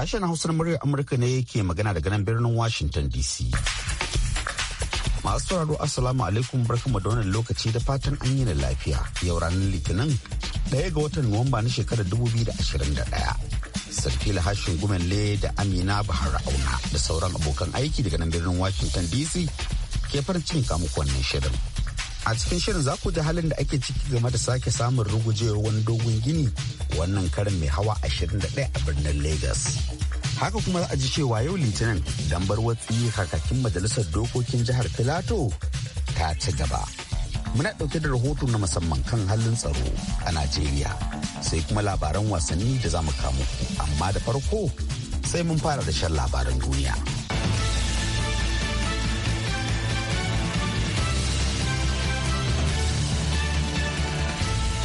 Sashen Hausar muryar Amurka ne yake magana daga nan birnin Washington DC. Masu sauraro Assalamu alaikum barkamu da wannan lokaci da fatan an yi lafiya yau ranar Litinin ɗaya ga watan Nuwamba na shekarar 2021. Sarfil Hashin Gumelle da Amina Bahar Auna da sauran abokan aiki daga nan birnin Washington DC ke farin cikin kamuku shirin. a cikin shirin za ku ji halin da ake ciki game da sake samun rugujewar wani dogon gini wannan karin mai hawa 21 a birnin lagos haka kuma za a ji cewa yau litinin bar watsi kakakin majalisar dokokin jihar filato ta ci gaba muna ɗauke da rahoto na musamman kan halin tsaro a najeriya sai kuma labaran wasanni da za mu kamo amma da farko sai mun fara da shan labaran duniya.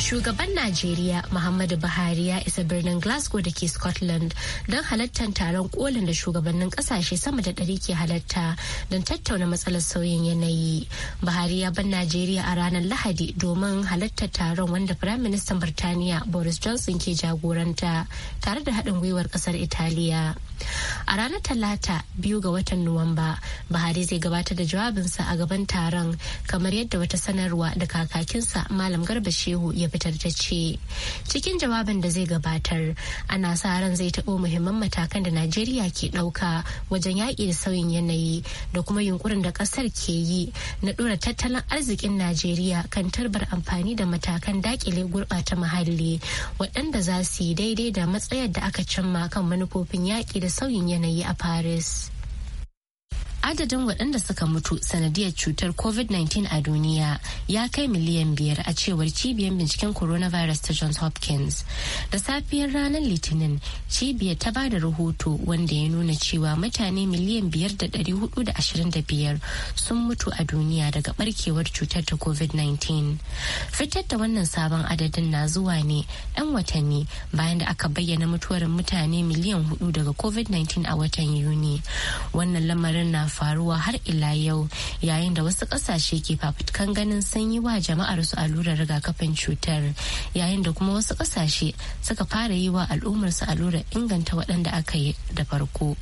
Shugaban Najeriya Muhammadu Buhari ya isa birnin Glasgow da ke Scotland don halartar taron kolin da shugabannin kasashe sama da ɗari ke halarta don tattauna matsalar sauyin yanayi. Buhari ya bar Najeriya a ranar Lahadi domin halartar taron wanda Firaministan Birtaniya Boris Johnson ke jagoranta tare da haɗin gwiwar ƙasar Italiya. A ranar Talata biyu ga watan Nuwamba, Buhari zai gabatar da jawabinsa a gaban taron kamar yadda wata sanarwa da kakakinsa Malam Garba Shehu ya fitar ta ce cikin jawabin da zai gabatar ana sa ran zai taɓo muhimman matakan da najeriya ke ɗauka wajen yaƙi da sauyin yanayi da kuma yunkurin da ƙasar ke yi na ɗora tattalin arzikin najeriya kan tarbar amfani da matakan daƙile gurɓata muhalli waɗanda za su yi daidai da matsayar da aka cimma kan manufofin yaƙi da sauyin yanayi a paris adadin waɗanda suka mutu sanadiyar cutar covid-19 a duniya ya kai miliyan biyar a cewar cibiyar binciken coronavirus ta johns hopkins da safiyar ranar litinin cibiyar ta bada rahoto wanda ya nuna cewa mutane miliyan biyar da ɗari hudu da ashirin da biyar sun mutu a duniya daga barkewar cutar ta covid-19 fitar da wannan sabon adadin na zuwa ne 'yan watanni bayan da aka bayyana mutuwar mutane miliyan hudu daga covid-19 a watan yuni wannan lamarin na faruwa har ila yau yayin da wasu ƙasashe ke fafutukan ganin sun yi wa jama'ar su allurar rigakafin cutar yayin da kuma wasu ƙasashe suka fara yi wa al'ummar su allurar inganta waɗanda aka yi da farko.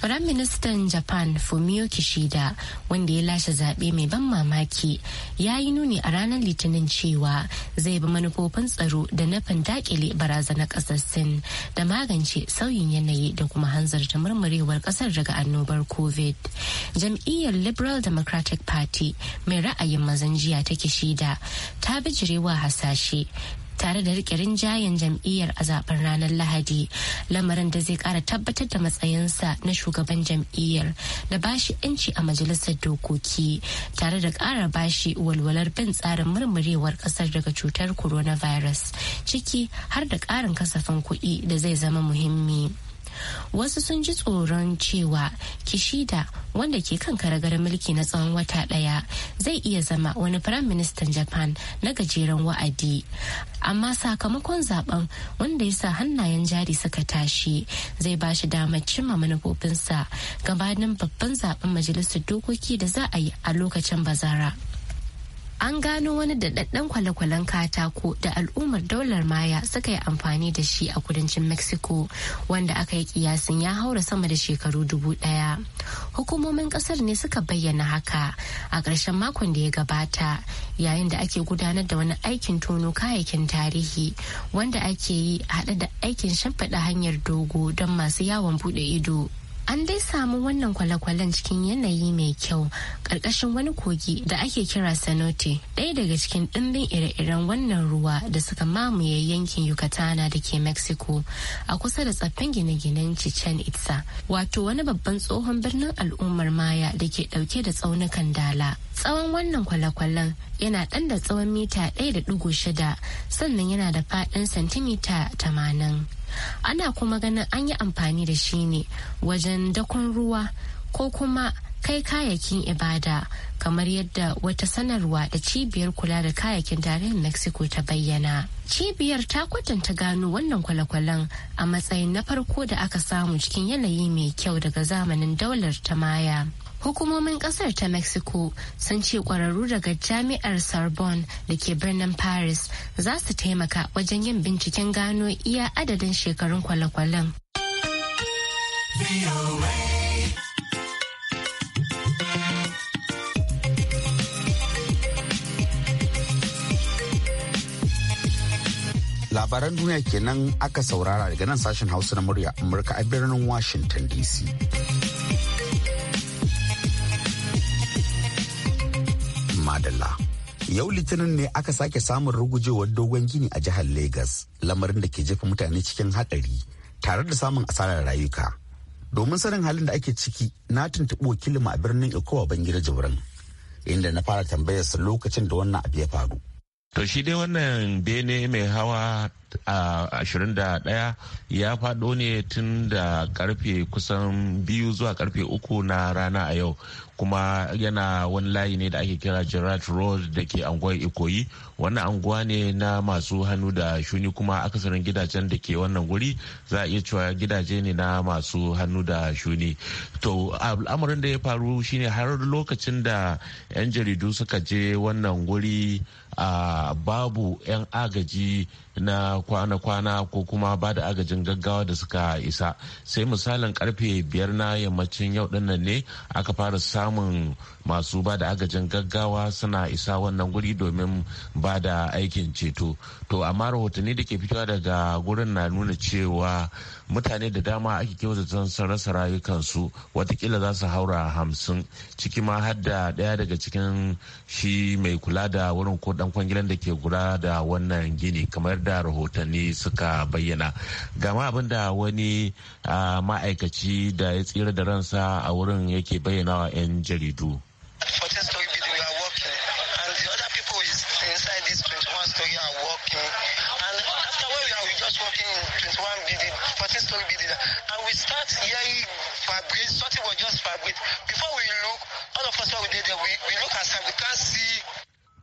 Firaministan Japan Fumio Kishida wanda ya lashe zaɓe mai ban mamaki ya yi nuni a ranar Litinin cewa zai bi manufofin tsaro da nufin dakile barazanar ƙasar Sin da magance sauyin yanayi da kuma hanzarta murmurewar ƙasar daga annobar COVID. Jam'iyyar Liberal Democratic Party mai ra'ayin mazan jiya ta Kishida ta bijirewa hasashe tare da rike rinjayen jam'iyyar a zaben ranar lahadi lamarin da zai kara tabbatar da matsayinsa na shugaban jam'iyyar da bashi yanci a majalisar dokoki tare da kara bashi walwalar bin tsarin murmurewar kasar daga cutar coronavirus ciki har da karin kasafin kuɗi da zai zama muhimmi. wasu sun ji tsoron cewa kishida wanda ke kan karagar mulki na tsawon wata daya zai iya zama wani firayim ministan japan na gajeren wa'adi amma sakamakon zaben wanda ya sa hannayen jari suka tashi zai ba shi damar cimma manufofinsa gabanin babban zaben majalisar dokoki da za a yi a lokacin bazara. an gano wani daɗaɗɗen kwale-kwalen katako da al'ummar daular maya suka yi amfani da shi a kudancin mexico wanda aka yi kiyasin ya haura sama da shekaru dubu ɗaya hukumomin ƙasar ne suka bayyana haka a ƙarshen makon da ya gabata yayin da ake gudanar da wani aikin tono kayayyakin tarihi wanda ake yi haɗe da aikin shimfiɗa hanyar dogo don masu yawon buɗe ido An dai samu wannan kwale-kwalen cikin yanayi mai kyau ƙarƙashin wani kogi da ake kira Sanote, ɗaya daga cikin ɗimbin ire-iren wannan ruwa da suka mamaye yankin Yucatana da ke Mexico a kusa da tsaffin gine-ginen Chichen Itza, wato wani babban tsohon birnin al'ummar Maya da ke ɗauke da tsaunukan dala. Tsawon wannan kwale-kwalen yana ɗan da tsawon mita 1.6 sannan yana da faɗin santimita 80. ana kuma ganin an yi amfani da shi ne wajen dakon ruwa ko kuma kai kayakin ibada kamar yadda wata sanarwa da cibiyar kula da kayakin tarihin mexico ta bayyana cibiyar ta kwatanta gano wannan kwale-kwalen a matsayin na farko da aka samu cikin yanayi mai kyau daga zamanin daular ta maya Hukumomin kasar ta Mexico sun ce kwararru daga jami'ar Sorbonne da ke birnin Paris za su taimaka wajen yin binciken gano iya adadin shekarun kwale-kwalen. labaran duniya kenan aka saurara daga nan sashen hausa na murya amurka a birnin washington dc madalla. Yau litinin ne aka sake samun rugujewar dogon gini a jihar Legas, lamarin da ke jefa mutane cikin haɗari tare da samun asarar rayuka. Domin sanin halin da ake ciki, na tuntuɓi wakilin a birnin Ikowa Bangida Jibrin, inda na fara tambayarsa lokacin da wannan abu ya faru. To shi dai wannan bene mai hawa a daya ya faɗo ne tun da karfe kusan biyu zuwa karfe uku na rana a yau kuma yana wani layi ne da ake kira Gerard Road da ke anguwar Ikoyi wannan anguwa ne na masu hannu da shuni kuma akasarin gidajen da ke wannan guri za a iya cewa gidaje ne na masu hannu da shuni. To al'amarin da ya faru shine har lokacin da 'yan jaridu suka je wannan guri babu 'yan agaji na kwana-kwana ko kuma ba da agajin gaggawa da suka isa sai misalin karfe biyar na yammacin yau dinnan ne aka fara samun masu ba da agajin gaggawa suna isa wannan guri domin ba da aikin ceto to amma rahotanni da ke fitowa daga gurin na nuna cewa mutane da dama ake kyautata sun rasa rayukansu watakila za su haura hamsin ciki ma har da daya daga cikin shi mai kula da wurin ko dan kwangilan da ke kula da wannan gini kamar da rahotanni suka bayyana gama abin da wani ma'aikaci da ya tsira da ransa a wurin yake bayyana wa 'yan jaridu fabric, something was just fabric. Before we look, all of us were there, we, we look outside, we can't see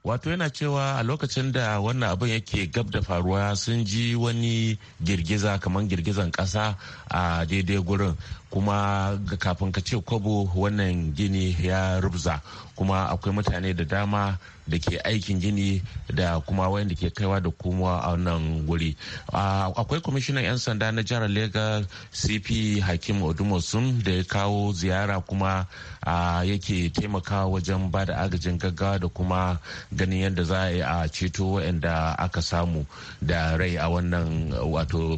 wato yana cewa a lokacin da wannan abin yake gab da faruwa sun ji wani girgiza kamar girgizan kasa a daidai gurin kuma kafin ka ce kwabo wannan gini ya rubza kuma akwai mutane da dama da ke aikin gini da kuma wayanda ke kaiwa da komowa a wannan wuri akwai kwamishinan 'yan sanda na jihar lagos cp hakim odumosun da ya kawo ziyara kuma yake taimakawa wajen ba da agajin gaggawa da kuma ganin yadda za a yi a ceto wayanda aka samu da rai a wannan wato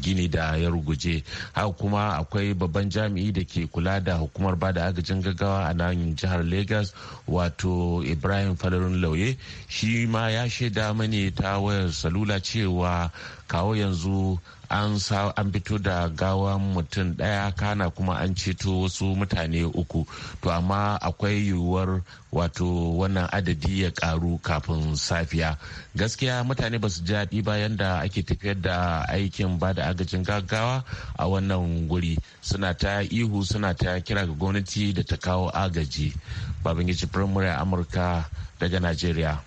gini da ya ruguje haka kuma akwai babban jami'i da ke kula da hukumar ba da agajin gaggawa a nan jihar Legas wato Ibrahim falarun Lauye shi ma ya shaida mani ta wayar salula cewa kawo yanzu an sa an fito da gawan mutum daya kana kuma an ceto wasu mutane uku to amma akwai yiwuwar wato wannan adadi ya karu kafin safiya gaskiya mutane ba su jaɗi bayan da ake tafiyar da aikin ba da agajin gaggawa a wannan guri suna ta ihu suna ta kira ga gwamnati da ta kawo agaji babangiji firimare amurka daga nigeria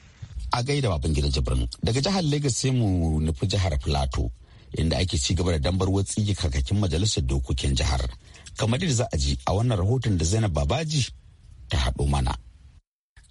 a gaida babangida jibrin daga jihar lagos sai mu nufi jihar plateau inda ake ci gaba da dambar watsi kakakin majalisar dokokin jihar kamar da za a ji a wannan rahoton da zainab babaji ta haɗo mana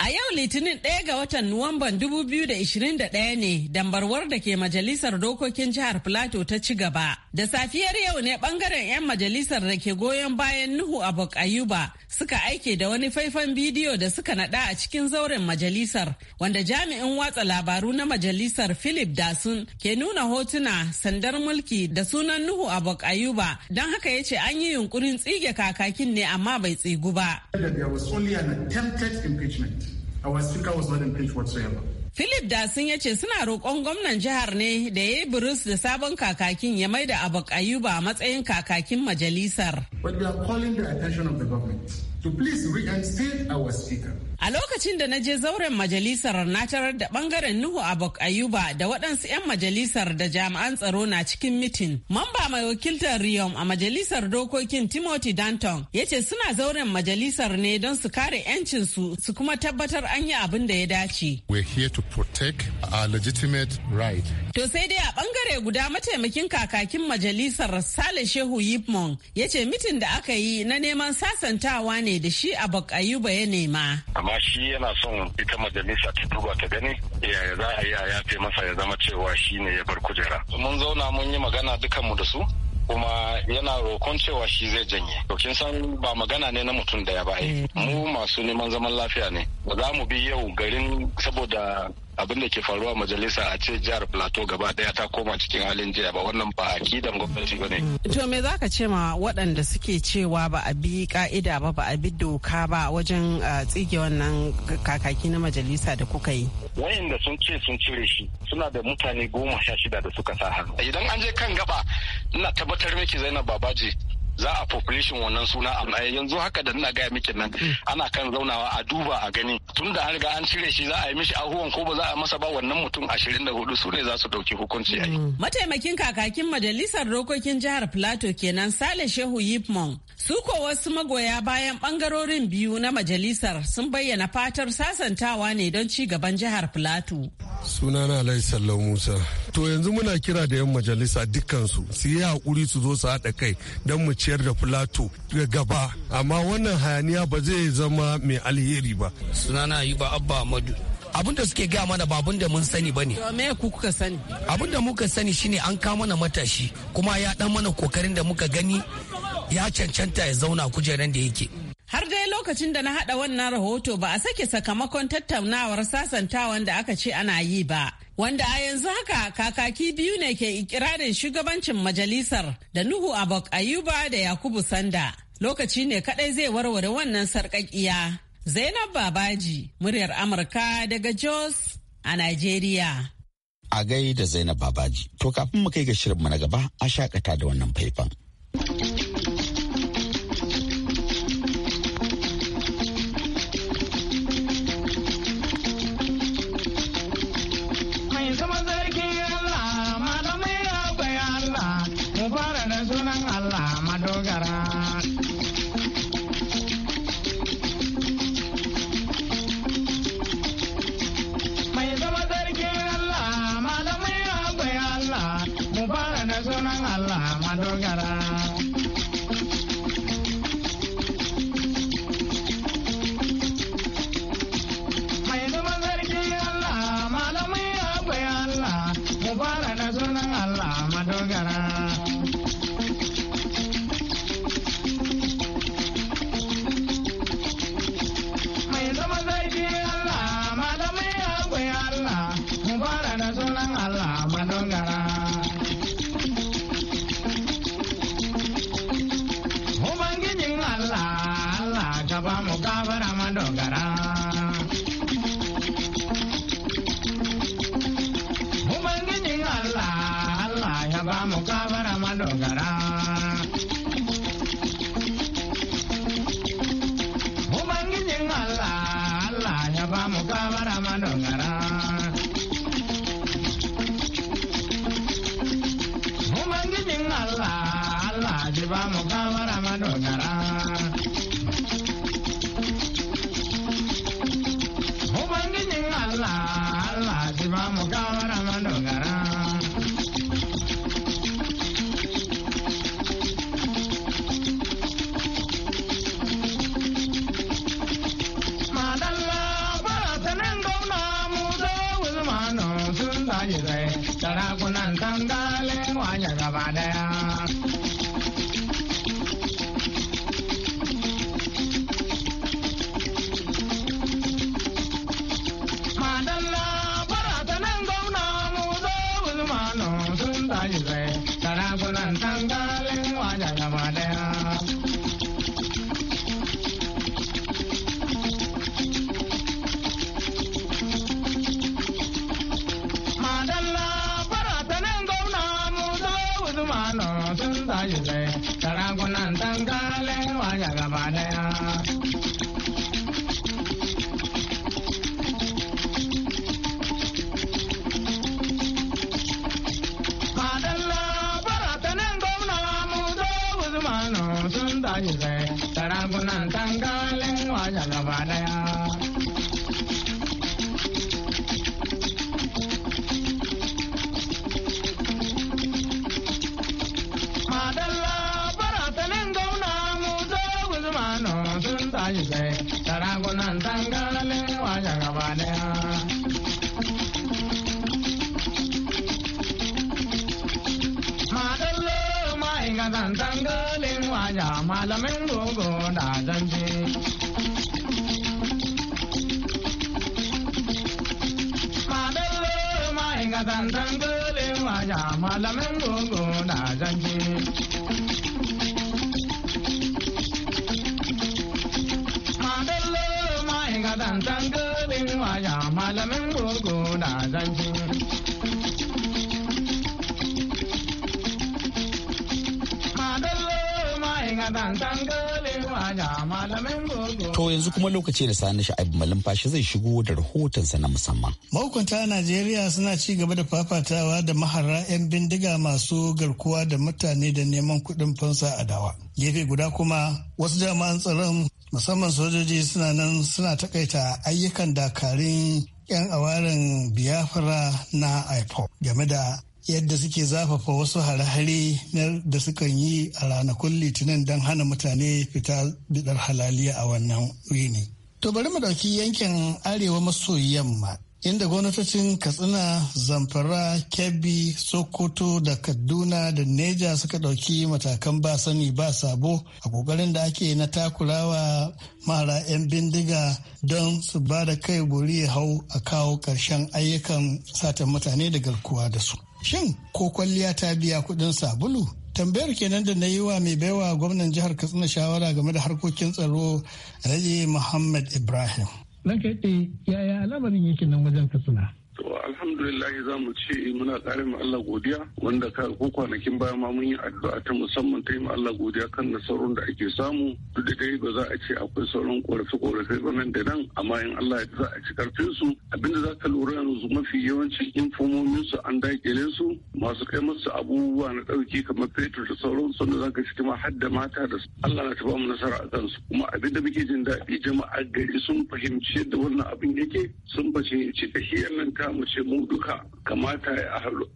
A yau Litinin ɗaya ga watan Nuwamban 2021 ne dambarwar da ke Majalisar Dokokin Jihar Filato ta ci gaba. Da safiyar yau ne ɓangaren 'yan majalisar da ke goyon bayan Nuhu Abok Ayuba suka aike da wani faifan bidiyo da suka naɗa a cikin zauren majalisar wanda jami'in watsa labaru na majalisar Philip Dasun ke nuna hotuna sandar mulki da sunan Nuhu Abok Ayuba don haka ya ce an yi yunkurin tsige kakakin ne amma bai tsigu ba. impeachment. Our speaker was not impeached whatsoever. Philip da ya ce suna roƙon gwamnan jihar ne da ya yi burus da sabon kakakin ya maida abok ayuba a matsayin kakakin majalisar. But we are calling the attention of the government to please reinstate our speaker. A lokacin da na je zauren majalisar na tarar da bangaren Nuhu Abok Ayuba da waɗansu 'yan majalisar da jami'an tsaro na cikin mitin. Mamba mai wakiltar Riyom a majalisar dokokin Timothy Danton ya ce suna zauren majalisar ne don su kare 'yancin su su kuma tabbatar an yi abin da ya dace. We're here to protect our legitimate right. To sai dai a bangare guda mataimakin kakakin majalisar Sale Shehu Yipmon ya ce mitin da aka yi na neman sasantawa ne da shi Abok Ayuba ya nema. amma shi yana son ita majalisa ta duba ta gani yaya za a yi a yafe masa ya zama cewa shi ne ya bar kujera mun zauna mun yi magana dukanmu da su kuma yana rokon cewa shi zai janye to kin san ba magana ne na mutum daya ba eh. mu masu neman zaman lafiya ne ba za mu bi yau garin saboda abin da ke faruwa majalisa a ce jihar plateau gaba daya ta koma cikin halin jiya ba wannan ba a akidan gwamnati ba ne. to me za ka ce ma waɗanda suke cewa ba a bi ka'ida ba ba a bi doka ba wajen uh, tsige wannan kakaki na majalisa da kuka yi. wayanda sun ce sun cire shi suna da mutane goma sha shida da suka sa hannu idan an je kan gaba ina tabbatar miki zainab babaji za a population wannan suna amma yanzu haka da ina gaya miki nan ana kan zaunawa a duba a gani tun da an riga an cire shi za a yi mishi ahuwan ko ba za a masa ba wannan mutum 24 su ne za su dauki hukunci a yi. Mm. Mataimakin kakakin majalisar dokokin jihar Plateau kenan Sale Shehu Yipmon su ko wasu magoya bayan bangarorin biyu na majalisar sun bayyana fatar sasantawa ne don ci gaban jihar Plateau. Sunana Alhaji Sallau Musa. To yanzu muna kira da 'yan majalisa dukkansu su yi haƙuri su zo su haɗa kai don mu ci ciyar da Filato gaba amma wannan hayaniya ba zai zama mai alheri ba. Sunana yi ba Abba Amadu. abin da suke gaya mana babun da mun sani ba ne kuka sani abin da muka sani shine an kawo mana matashi kuma ya dan mana kokarin da muka gani ya cancanta ya zauna kujeran da yake har dai lokacin da na hada wannan rahoto ba a sake sakamakon tattaunawar sasantawan da aka ce ana yi ba wanda a yanzu haka kakaki biyu ne ke ikirarin shugabancin majalisar da Nuhu Abok Ayuba da Yakubu Sanda. Lokaci ne kadai zai warware wannan sarkakiya Zainab Babaji, muryar Amurka daga Jos a Najeriya. A gai da Zainab Babaji, to kafin mu kai ga shirinmu na gaba a shakata da wannan faifan. fara da sunan Allah madogara. Allah ba mu kabara madogara. Ubangijin Allah, Allah ya ba mu kabara madogara. Ubangijin Allah, Allah ya ba ibe da ragunan dangalin wajen gaba daya. Madallo ma'aikatan malamin gogo da zanje. ma'aikatan malamin gogo da zanje. To yanzu kuma lokaci da sani sha'ib fashi zai shigo da rahotonsa na musamman. Mahukunta a Najeriya suna ci gaba da fafatawa da mahara 'yan bindiga masu garkuwa da mutane da neman kuɗin fansa a dawa. Gefe guda kuma wasu jama'an tsaron musamman sojoji suna nan suna takaita ayyukan dakarun 'yan awarin biyafara na IPOP game da yadda suke zafafa wasu hare-hare da sukan yi a ranakun litinin don hana mutane fita bidar halaliya a wannan wini. To bari mu ɗauki yankin arewa maso yamma inda gwamnatocin katsina zamfara kebbi sokoto da kaduna da neja suka ɗauki matakan ba sani ba sabo a ƙoƙarin da ake na takurawa mara 'yan bindiga don su ba da kai buri hau a kawo ƙarshen ayyukan satan mutane da garkuwa da su Shin ko kwalliya ta biya kuɗin sabulu? Tambayar kenan da na yi wa mai baiwa gwamnan jihar Katsina shawara game da harkokin tsaro Raji Muhammad Ibrahim. Ranka yaya al'amarin yake nan wajen Katsina? To alhamdulillah za mu ce eh, muna kare ma Allah godiya wanda ka ko kwanakin baya ma mun yi addu'a ta musamman ta yi ma Allah godiya kan nasarorin da ake samu duk da dai ba za a ce akwai sauran ƙorafi ƙorafi ba nan da nan amma in Allah ya za a ci karfin su abinda za ka lura yanzu mafi yawancin infomomin su an dakile su masu kai musu abubuwa na ɗauki kamar fetur da sauran su da za ka ci ma har da mata da Allah na ta ba mu nasara a kansu kuma abinda muke jin daɗi jama'a gari sun fahimci yadda wannan abin yake sun bace cikakiyar nan ta mu ce mu duka kamata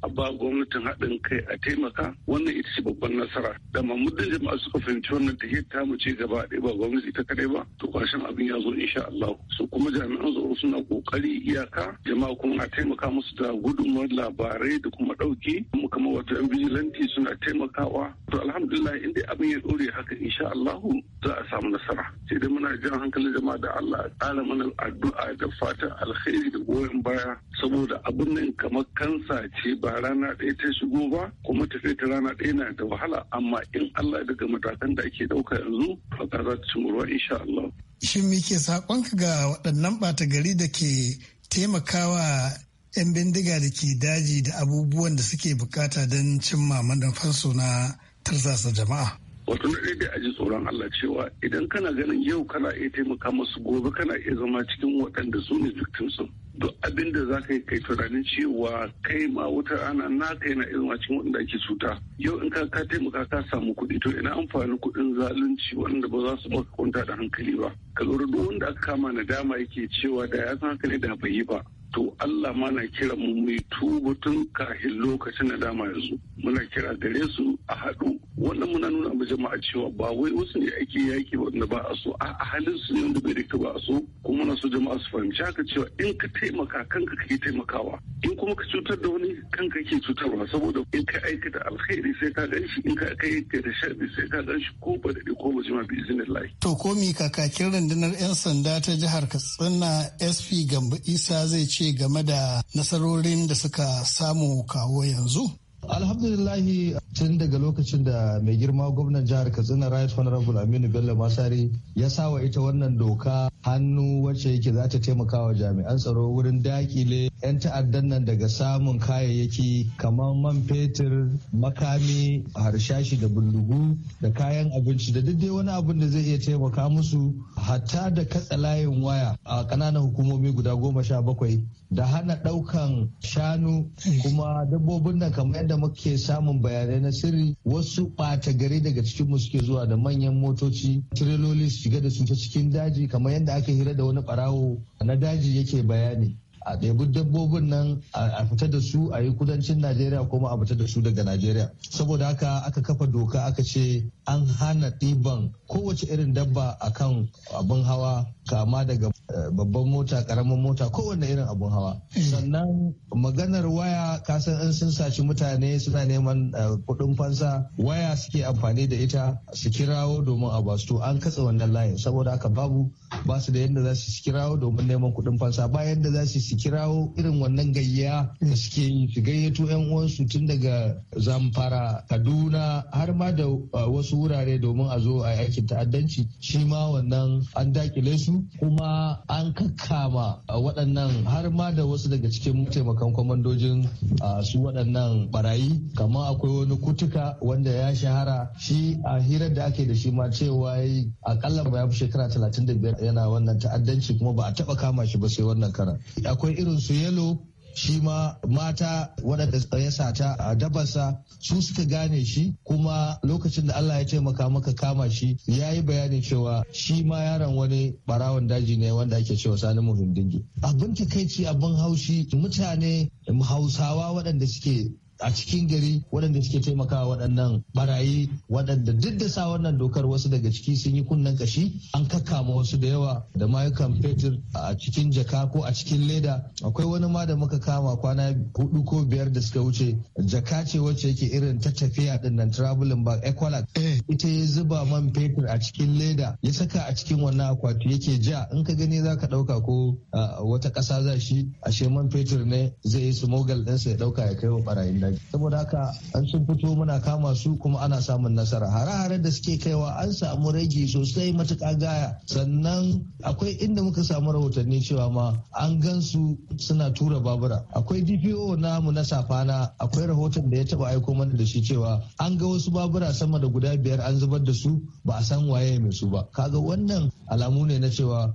a ba gwamnatin haɗin kai a taimaka wannan ita ce babban nasara da muddin jama'a suka fahimci wannan ta ta mu ce gaba ɗaya ba gwamnati ta kaɗai ba to kwashin abin ya zo insha Allah su kuma jami'an tsaro suna kokari iyaka jama'a kuma a taimaka musu da gudunmawar labarai da kuma ɗauki kuma kamar wato yan vigilanti suna taimakawa to alhamdulillah inda abin ya ɗore haka insha Allah za a samu nasara sai dai muna jan hankalin jama'a da Allah ƙara mana addu'a da fatan alkhairi da goyon baya saboda abin nan kamar kansa ce ba rana ɗaya ta shigo ba kuma tafiya ta rana ɗaya na da wahala amma in Allah daga matakan da ake ɗauka yanzu to ka za ta cimurwa insha Allah. Shin me ke saƙonka ga waɗannan ɓata gari da ke taimakawa 'yan bindiga da ke daji da abubuwan da suke bukata don cimma manufansu na tarsasa jama'a? wato na ɗaya a ji tsoron Allah cewa idan kana ganin yau kana iya taimaka masu gobe kana iya zama cikin waɗanda su ne victims duk abin da za ka yi kai tunanin cewa kai ma wata ana na kai na irin wacin waɗanda ake cuta yau in ka ka taimaka ka samu kuɗi to ina amfani kuɗin zalunci waɗanda ba za su maka kwanta da hankali ba ka lura duk wanda aka kama na dama yake cewa da ya san haka da bai yi ba to Allah ma na kira mu mai tuba tun kafin lokacin da dama yanzu muna kira gare su a haɗu wannan muna nuna mu jama'a cewa ba wai wasu ne ake yaki wanda ba a so a halin su ne wanda bai rika ba a so kuma na so jama'a su fahimci haka cewa in ka taimaka kanka ka yi taimakawa in kuma ka cutar da wani kanka ke cutarwa saboda in ka aikata alkhairi sai ka gan shi in ka aikata sharri sai ka gan shi ko ba da ko ba jima bi lai. to ko mi kakakin rundunar 'yan sanda ta jihar katsina sp gambo isa zai ci ce game da nasarorin da suka samu kawo yanzu? alhamdulillahi tun daga lokacin da mai girma gwamnan jihar katsina right honorable aminu bello masari ya sawa ita wannan doka hannu wacce yake za ta taimaka wa jami'an tsaro wurin dakile 'yan ta'addan nan daga samun kayayyaki kamar man fetur makami harshashi da bindigu da kayan abinci da duk wani abin da zai iya taimaka musu hatta da katsa layin waya a ƙananan hukumomi guda goma sha bakwai da hana ɗaukan shanu kuma dabbobin nan kamar yadda muke samun bayanai na sirri wasu ɓata gari daga cikin mu suke zuwa da manyan motoci tireloli su shiga da su ta cikin daji kamar yadda aka hira da wani barawo na daji yake bayani a ɗebi dabbobin nan a fita da su a yi kudancin najeriya kuma a fita da su daga najeriya saboda haka aka kafa doka aka ce an hana ɗiban kowace irin dabba akan abin hawa kama daga eh, babban mota karamin mota kowane irin abun hawa eh. sannan maganar waya kasan in sun saci mutane suna neman eh, kuɗin fansa waya suke amfani da ita su kirawo domin a basu an katse wannan layin saboda haka babu ba su da yadda za su kirawo domin neman kuɗin fansa ba yadda za su kirawo irin wannan gayya da suke yi su gayyato yan uwansu tun daga zamfara kaduna har ma da wasu wurare domin a zo a yakin ta'addanci shi ma wannan an dakile su kuma an kakkama uh, waɗannan har ma da wasu daga cikin taimakon kwamandojin uh, su waɗannan barayi kamar akwai wani kutuka wanda ya shahara shi a hirar da ake da shi ma cewa yi akalla ba ya fi shekara 35 yana wannan ta'addanci kuma ba a taɓa kama shi ba sai wannan kara akwai irin su yalo shi ma mata waɗanda ya sata a dabarsa su suka gane shi kuma lokacin da Allah ya taimaka maka kama shi ya yi bayanin cewa shi ma yaron wani barawan daji ne wanda ake cewa sani dingi. abin takaici abin haushi mutane hausawa waɗanda suke a cikin gari waɗanda suke taimakawa waɗannan barayi waɗanda duk da sa wannan dokar wasu daga ciki sun yi kunnen kashi an kakkama wasu da yawa da mayukan fetur a cikin jaka ko a cikin leda akwai wani ma da muka kama kwana hudu ko biyar da suka wuce jaka ce wacce yake irin ta tafiya din nan traveling bag equalax eh. ita ya zuba man fetur a cikin leda ya saka a cikin wannan akwati yake ja in ka gani za ka ɗauka ko wata ƙasa za shi ashe man fetur ne zai yi smogal ɗinsa ya ɗauka ya kai wa barayin annabi saboda haka an sun fito muna kama su kuma ana samun nasara hare-hare da suke kaiwa an samu rage sosai matuƙa gaya sannan akwai inda muka samu rahotanni cewa ma an gan su suna tura babura akwai dpo namu na safana akwai rahoton da ya taba aiko mana da shi cewa an ga wasu babura sama da guda biyar an zubar da su ba a san waye mai su ba kaga wannan alamu ne na cewa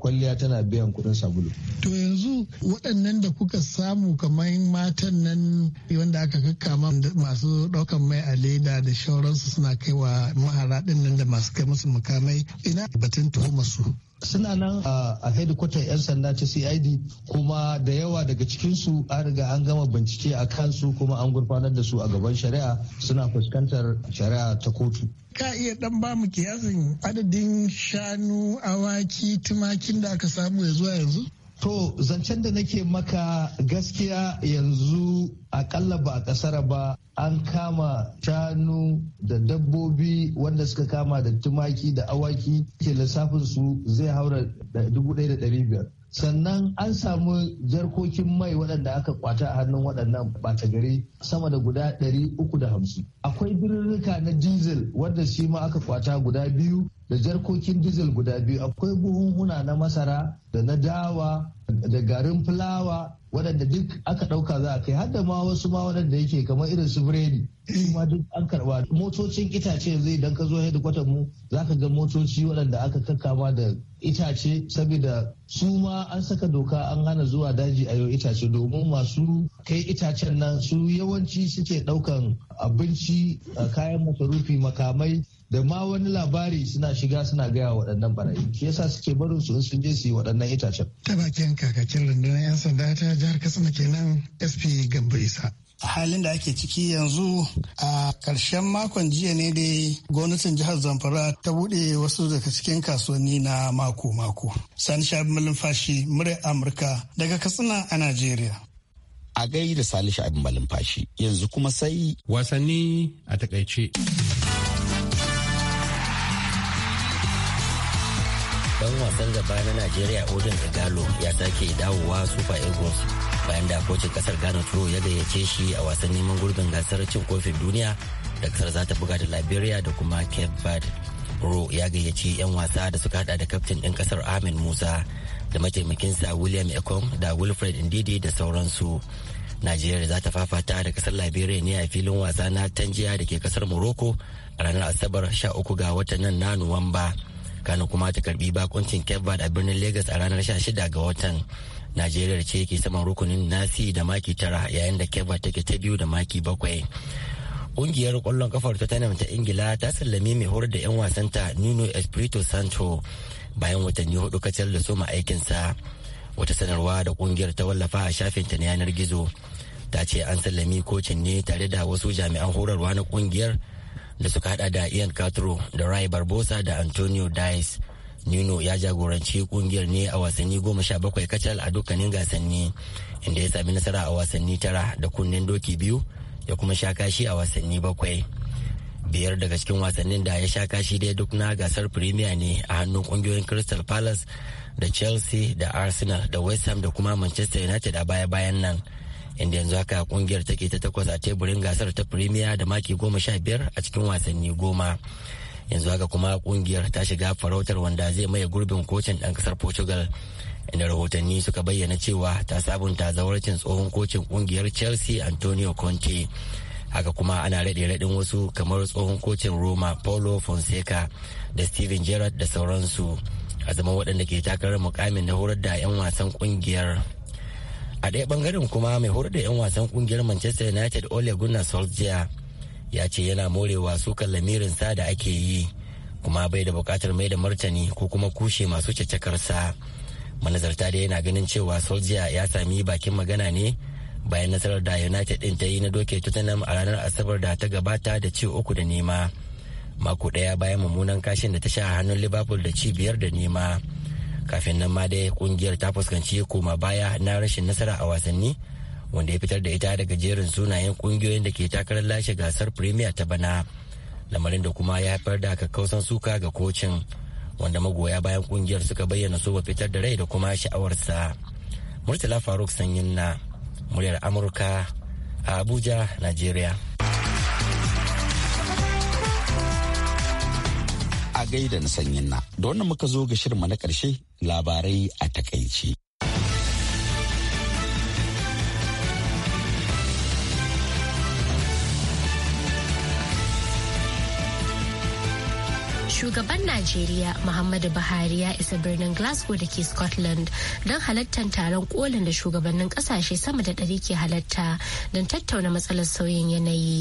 kwalliya tana biyan kuɗin sabulu. To yanzu waɗannan da kuka samu kamar matan nan wanda aka kakkama masu ɗaukan mai a leda da shauransu suna kaiwa mahara ɗin nan da masu kai musu mukamai ina batun tuhumar su. suna nan a hedikwatar 'yan sanda ta cid kuma da yawa daga cikinsu an riga an gama bincike a kansu kuma an gurfanar da su a gaban shari'a suna fuskantar shari'a ta kotu ka iya dan ba mu kiyasin adadin shanu awaki tumakin da aka samu ya zuwa yanzu To zancen da nake maka gaskiya yanzu akalla ba a kasara ba an kama shanu da dabbobi wanda suka kama da tumaki da awaki ke lissafin su zai haura 1,500. sannan an samu jarkokin mai waɗanda aka kwata a hannun waɗannan ɓata gari sama da guda 350 akwai birirrika na diesel wanda shi ma aka kwata guda biyu da jarkokin dizal guda biyu akwai buhunhuna na masara da na dawa da garin fulawa waɗanda duk aka ɗauka za a kai har ma wasu ma waɗanda yake kamar irin su biredi ma duk an karɓa motocin itace zai idan ka zo kwatan mu za ka ga motoci waɗanda aka kakkama da itace saboda su ma an saka doka an hana zuwa daji a yau itace domin masu kai itacen nan su yawanci suke ɗaukan abinci kayan masarufi makamai da ma wani labari suna shiga suna gaya waɗannan barayi shi yasa suke barin su sun je su yi waɗannan itacen. ta bakin kakakin rundunar 'yan sanda ta jihar katsina kenan sp gambo isa halin da ake ciki yanzu a karshen makon jiya ne dai gwamnatin jihar zamfara ta buɗe wasu daga cikin kasuwanni na mako-mako sani shabi malumfashi murai amurka daga katsina a najeriya a gai da salisha abin malumfashi yanzu kuma sai wasanni a takaice dan wasan gaba na najeriya odin igalo ya sake dawowa super eagles bayan da kocin kasar ghana turo ya gayyace shi a wasan neman gurbin gasar cin kofin duniya da kasar za ta buga da liberia da kuma cape verde ro ya gayyace 'yan wasa da suka hada da kaftin ɗin kasar ahmed musa da mataimakin mataimakinsa william ekong da wilfred ndidi da sauransu Najeriya za ta fafata da kasar Liberia ne a filin wasa na Tanjiya da ke kasar Morocco a ranar Asabar 13 ga watan nan na Nuwamba. kano kuma ta karbi bakuncin cape verde a birnin lagos a ranar 16 ga watan najeriya ce ke saman rukunin nasi da maki tara yayin da cape verde take ta biyu da maki bakwai kungiyar kwallon kafar tottenham ta ingila ta sallame mai horar da 'yan wasan ta nuno espirito santo bayan watanni hudu kacal da soma aikinsa wata sanarwa da kungiyar ta wallafa a shafinta na yanar gizo ta ce an sallami kocin ne tare da wasu jami'an horarwa na kungiyar da suka hada da ian castro da ray barbosa da antonio dias nino ya jagoranci kungiyar ne a wasanni goma sha bakwai kacal a dukkanin gasanni inda ya sami nasara a wasanni tara da kunnen doki biyu ya kuma sha kashi a wasanni bakwai biyar daga cikin wasannin da ya sha kashi dai duk na gasar premier ne a hannun kungiyoyin crystal palace da chelsea da arsenal da west ham da kuma manchester united a baya-bayan nan inda yanzu haka kungiyar take ta takwas a teburin gasar ta premier da maki goma sha biyar a cikin wasanni goma yanzu haka kuma kungiyar ta shiga farautar wanda zai maye gurbin kocin dan ƙasar portugal inda rahotanni suka bayyana cewa ta sabunta zawarcin tsohon kocin kungiyar chelsea antonio conte haka kuma ana raɗe raɗin wasu kamar tsohon kocin roma paulo fonseca da steven gerrard da sauransu a zaman waɗanda ke takarar mukamin na horar da 'yan wasan kungiyar a ɗaya bangaren kuma mai horar da 'yan wasan kungiyar manchester united ole gunnar solskjaer ya ce yana morewa sukan lamirinsa da ake yi kuma bai da bukatar mai da martani ko kuma kushe masu cacakarsa manazarta da yana ganin cewa solskjaer ya sami bakin magana ne bayan nasarar da united din ta yi na doke tottenham a ranar asabar da ta gabata da ci uku da nema mako ɗaya bayan mummunan kashin da ta sha hannun liverpool da ci biyar da nema kafin nan ma dai kungiyar ta fuskanci koma baya na rashin nasara a wasanni wanda ya fitar da ita daga jerin sunayen kungiyoyin da ke takarar lashe gasar premier ta bana lamarin da kuma ya haifar da kakkausan suka ga kocin wanda magoya bayan kungiyar suka bayyana so fitar da rai da kuma sha'awarsa murtala faruk sanyin na muryar amurka a abuja nigeria gaida na sanyin na. Da wannan muka zo ga shirma na ƙarshe labarai a takaice. shugaban najeriya muhammadu buhari ya isa birnin glasgow da ke scotland don halartar taron kolin da shugabannin kasashe sama da ɗari ke halatta don tattauna matsalar sauyin yanayi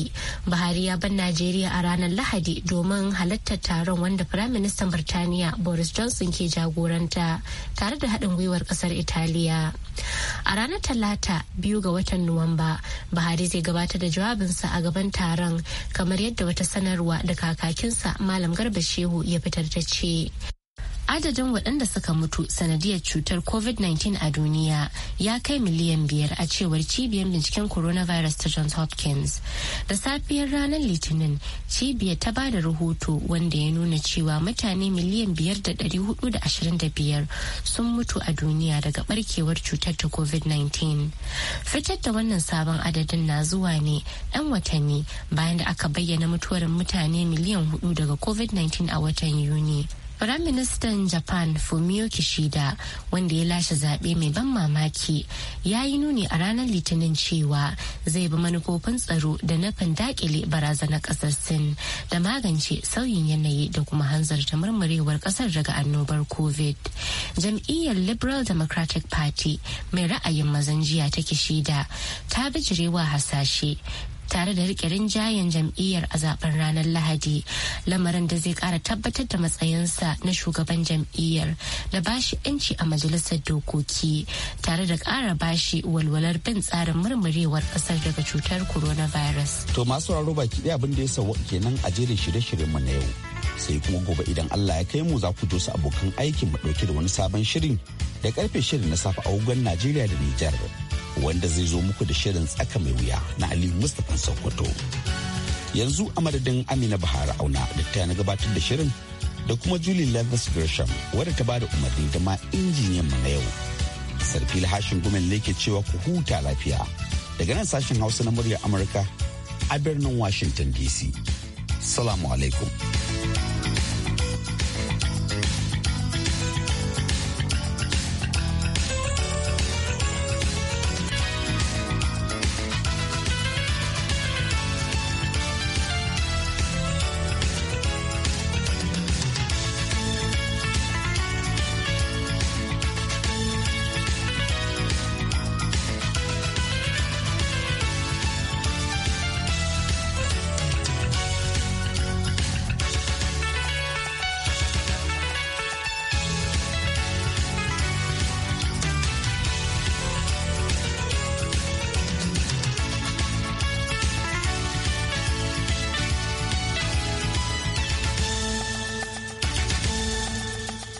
buhari ya ban najeriya a ranar lahadi domin halartar taron wanda firaministan birtaniya boris johnson ke jagoranta tare da haɗin gwiwar ƙasar italiya a ranar talata biyu ga watan nuwamba buhari zai gabatar da jawabinsa a gaban taron kamar yadda wata sanarwa da kakakinsa malam garba shehu Shehu ya fitar ta ce adadin waɗanda suka mutu sanadiyar cutar covid-19 a duniya ya kai miliyan biyar a cewar cibiyar binciken coronavirus ta johns hopkins da safiyar ranar litinin cibiyar ta ba da rahoto wanda ya nuna cewa mutane miliyan biyar da ɗari hudu da ashirin da biyar sun mutu a duniya daga barkewar cutar ta covid-19 fitar da wannan sabon adadin na zuwa ne ɗan watanni bayan da aka bayyana mutuwar mutane miliyan hudu daga covid-19 a watan yuni Firaministan Japan Fumio Kishida wanda ya lashe zaɓe mai ban mamaki ya yi nuni a ranar Litinin cewa zai bi manufofin tsaro da nufin dakile barazanar ƙasar Sin da magance sauyin yanayi da kuma hanzarta murmurewar ƙasar daga annobar COVID. Jam'iyyar Liberal Democratic Party mai ra'ayin mazan jiya ta Kishida ta bijirewa hasashe tare da rike rinjayen jam'iyyar a zaben ranar lahadi lamarin da zai kara tabbatar da matsayinsa na shugaban jam'iyyar da bashi 'yanci a majalisar dokoki tare da kara bashi walwalar bin tsarin murmurewar kasar daga cutar coronavirus. to masu raro baki daya abin da ya sauwa kenan a jerin shirye-shiryen mu na yau sai kuma gobe idan allah ya kai mu za ku dosa abokan aikin mu ɗauke da wani sabon shirin da karfe shirin na safe a ugon najeriya da nijar wanda zai zo muku da shirin tsaka mai wuya na Ali Mustapha Sokoto. Yanzu a madadin Amina Bahara Auna da ta na gabatar da shirin da kuma Julie Levis Gresham wadda ta bada umarni da ma injiniyan mu na yau. Sarfil Hashin Gumen ne cewa ku huta lafiya daga nan sashen Hausa na muryar Amurka a birnin Washington DC. Salamu alaikum.